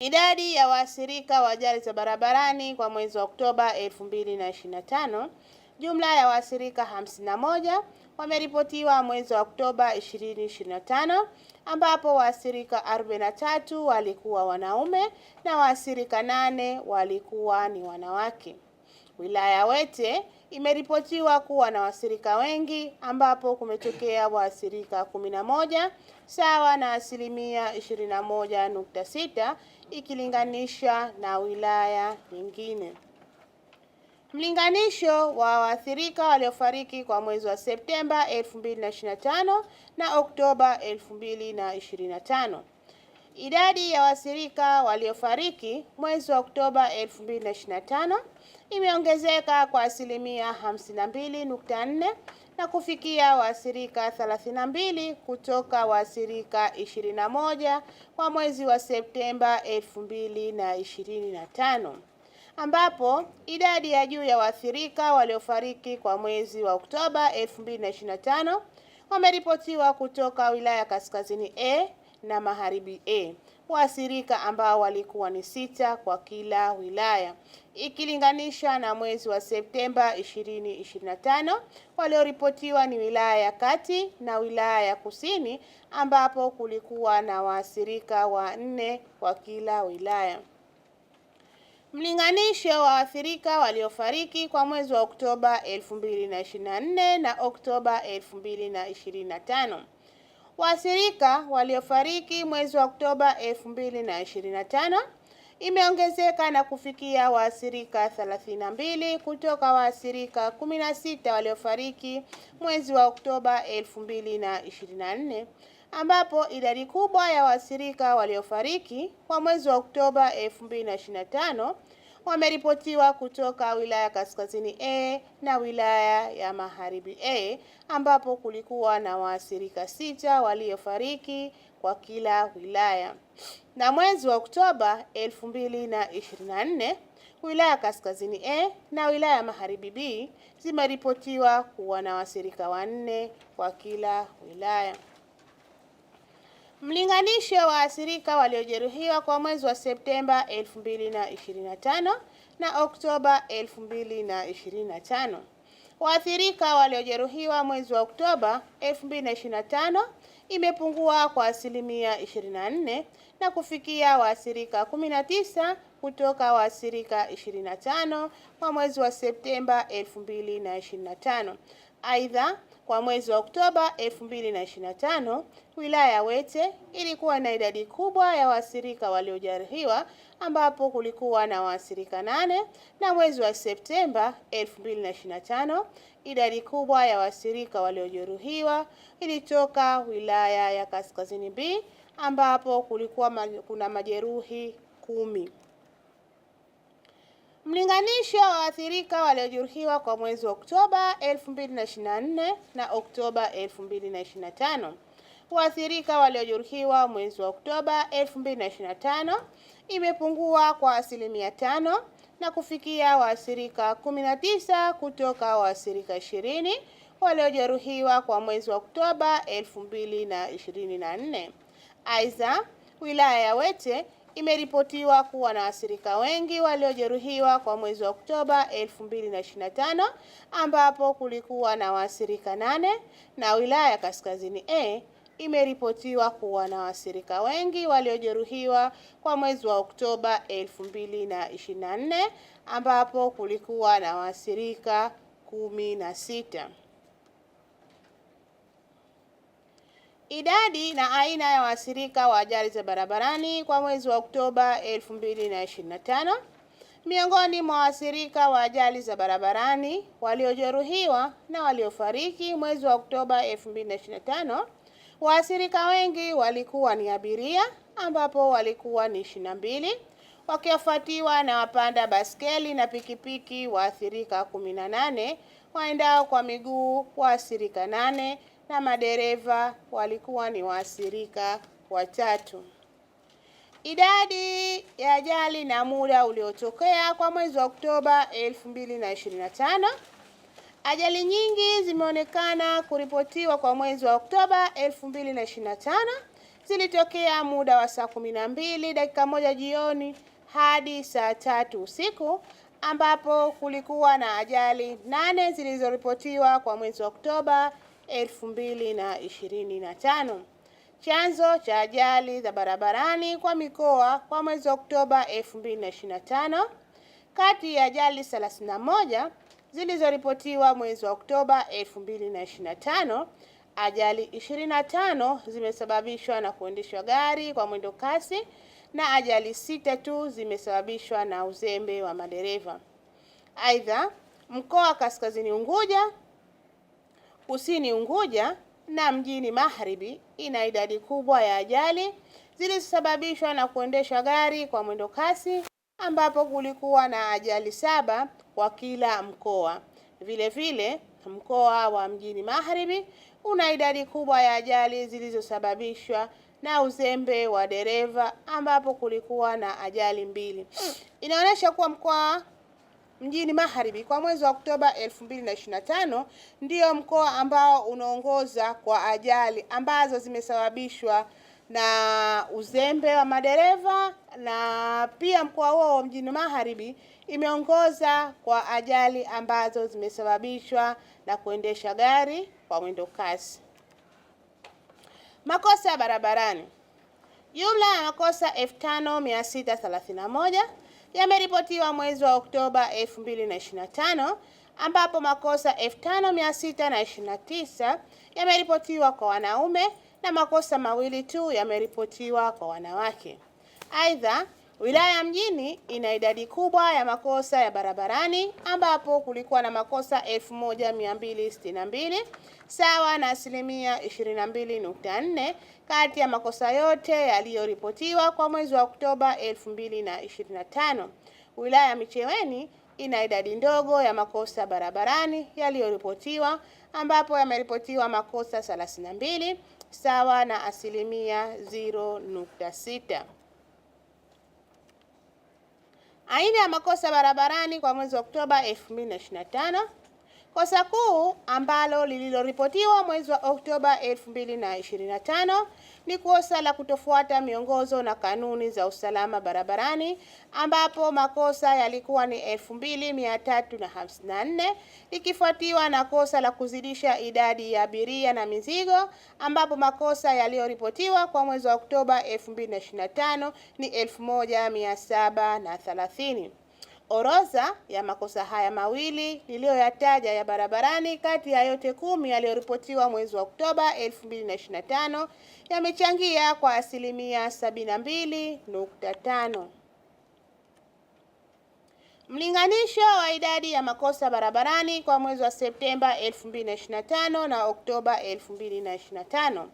Idadi ya waathirika wa ajali za barabarani kwa mwezi wa Oktoba 2025, jumla ya waathirika 51 wameripotiwa mwezi wa Oktoba 2025, ambapo waathirika 43 walikuwa wanaume na waathirika nane walikuwa ni wanawake. Wilaya Wete imeripotiwa kuwa na waathirika wengi ambapo kumetokea waathirika 11 sawa na asilimia 21.6 ikilinganisha na wilaya nyingine. Mlinganisho wa waathirika waliofariki kwa mwezi wa Septemba 2025 na Oktoba 2025. Idadi ya waathirika waliofariki mwezi wa Oktoba 2025 imeongezeka kwa asilimia 52.4 na kufikia waathirika 32 kutoka waathirika 21 kwa mwezi wa Septemba 2025 ambapo idadi ya juu ya waathirika waliofariki kwa mwezi wa Oktoba 2025 wameripotiwa kutoka wilaya Kaskazini A na Magharibi A waathirika ambao walikuwa ni sita kwa kila wilaya ikilinganisha na mwezi wa Septemba 2025 walioripotiwa ni wilaya ya Kati na wilaya ya Kusini ambapo kulikuwa na waathirika nne kwa kila wilaya. Mlinganisho wa waathirika waliofariki kwa mwezi wa Oktoba 2024 na Oktoba 2025 waathirika waliofariki mwezi wa Oktoba 2025 imeongezeka na kufikia waathirika 32 kutoka waathirika 16 waliofariki mwezi wa Oktoba 2024 ambapo idadi kubwa ya waathirika waliofariki kwa mwezi wa Oktoba 2025 wameripotiwa kutoka wilaya Kaskazini A na wilaya ya Magharibi A ambapo kulikuwa na waathirika sita waliofariki kwa kila wilaya. Na mwezi wa Oktoba 2024, wilaya Kaskazini A na wilaya Magharibi B zimeripotiwa kuwa na waathirika wanne kwa kila wilaya. Mlinganisho wa waathirika waliojeruhiwa kwa mwezi wa Septemba 2025 na Oktoba 2025. Waathirika waliojeruhiwa mwezi wa Oktoba 2025 imepungua kwa asilimia 24 na kufikia waathirika 19 kutoka waathirika 25 kwa mwezi wa Septemba 2025. Aidha, kwa mwezi wa Oktoba 2025, wilaya ya Wete ilikuwa na idadi kubwa ya waathirika waliojeruhiwa ambapo kulikuwa na waathirika nane na mwezi wa Septemba 2025, idadi kubwa ya waathirika waliojeruhiwa ilitoka wilaya ya Kaskazini B ambapo kulikuwa kuna majeruhi kumi. Mlinganisho wa waathirika waliojeruhiwa kwa mwezi wa Oktoba 2024 na Oktoba 2025. Waathirika waliojeruhiwa mwezi wa Oktoba 2025 imepungua kwa asilimia tano na kufikia waathirika 19 kutoka waathirika 20 waliojeruhiwa kwa mwezi wa Oktoba 2024. Aidha, wilaya ya Wete imeripotiwa kuwa na waathirika wengi waliojeruhiwa kwa mwezi wa Oktoba 2025 ambapo kulikuwa na waathirika nane na wilaya ya Kaskazini A imeripotiwa kuwa na waathirika wengi waliojeruhiwa kwa mwezi wa Oktoba 2024 ambapo kulikuwa na waathirika kumi na sita. Idadi na aina ya waathirika wa ajali za barabarani kwa mwezi wa Oktoba 2025. Miongoni mwa waathirika wa ajali za barabarani waliojeruhiwa na waliofariki mwezi wa Oktoba 2025, waathirika wengi walikuwa ni abiria ambapo walikuwa ni 22 wakifuatiwa na wapanda baskeli na pikipiki waathirika 18, waendao kwa miguu waathirika 8 na madereva walikuwa ni waathirika watatu. Idadi ya ajali na muda uliotokea kwa mwezi wa Oktoba 2025. Ajali nyingi zimeonekana kuripotiwa kwa mwezi wa Oktoba 2025 zilitokea muda wa saa 12 dakika moja jioni hadi saa tatu usiku ambapo kulikuwa na ajali nane zilizoripotiwa kwa mwezi wa Oktoba elfu mbili na ishirini na tano. Chanzo cha ajali za barabarani kwa mikoa kwa mwezi wa Oktoba 2025. Kati ya ajali 31 zilizoripotiwa mwezi wa Oktoba 2025, ajali 25 zimesababishwa na kuendeshwa gari kwa mwendo kasi na ajali sita tu zimesababishwa na uzembe wa madereva. Aidha, mkoa wa Kaskazini Unguja kusini Unguja na mjini Magharibi ina idadi kubwa ya ajali zilizosababishwa na kuendesha gari kwa mwendo kasi ambapo kulikuwa na ajali saba kwa kila mkoa. Vile vile mkoa wa mjini Magharibi una idadi kubwa ya ajali zilizosababishwa na uzembe wa dereva ambapo kulikuwa na ajali mbili. Inaonyesha kuwa mkoa mjini Magharibi kwa mwezi wa Oktoba 2025 ndio mkoa ambao unaongoza kwa ajali ambazo zimesababishwa na uzembe wa madereva na pia mkoa huo wa mjini Magharibi imeongoza kwa ajali ambazo zimesababishwa na kuendesha gari kwa mwendo kasi. Makosa ya barabarani. Jumla ya makosa 5631 yameripotiwa mwezi wa Oktoba 2025 ambapo makosa 5629 yameripotiwa kwa wanaume na makosa mawili tu yameripotiwa kwa wanawake. Aidha, Wilaya ya Mjini ina idadi kubwa ya makosa ya barabarani ambapo kulikuwa na makosa 1262 sawa na asilimia 22.4 kati ya makosa yote yaliyoripotiwa kwa mwezi wa Oktoba 2025. Wilaya ya Micheweni ina idadi ndogo ya makosa barabarani yaliyoripotiwa ambapo yameripotiwa makosa 32 sawa na asilimia 0.6 aina ya makosa barabarani kwa mwezi wa Oktoba 2025. Kosa kuu ambalo lililoripotiwa mwezi wa Oktoba 2025 ni kosa la kutofuata miongozo na kanuni za usalama barabarani ambapo makosa yalikuwa ni 2354 ikifuatiwa na kosa la kuzidisha idadi ya abiria na mizigo ambapo makosa yaliyoripotiwa kwa mwezi wa Oktoba 2025 ni 1730. Orodha ya makosa haya mawili niliyoyataja ya barabarani kati ya yote kumi yaliyoripotiwa mwezi wa Oktoba 2025 yamechangia kwa asilimia 72.5. Mlinganisho wa idadi ya makosa barabarani kwa mwezi wa Septemba 2025 na Oktoba 2025.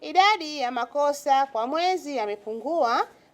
Idadi ya makosa kwa mwezi yamepungua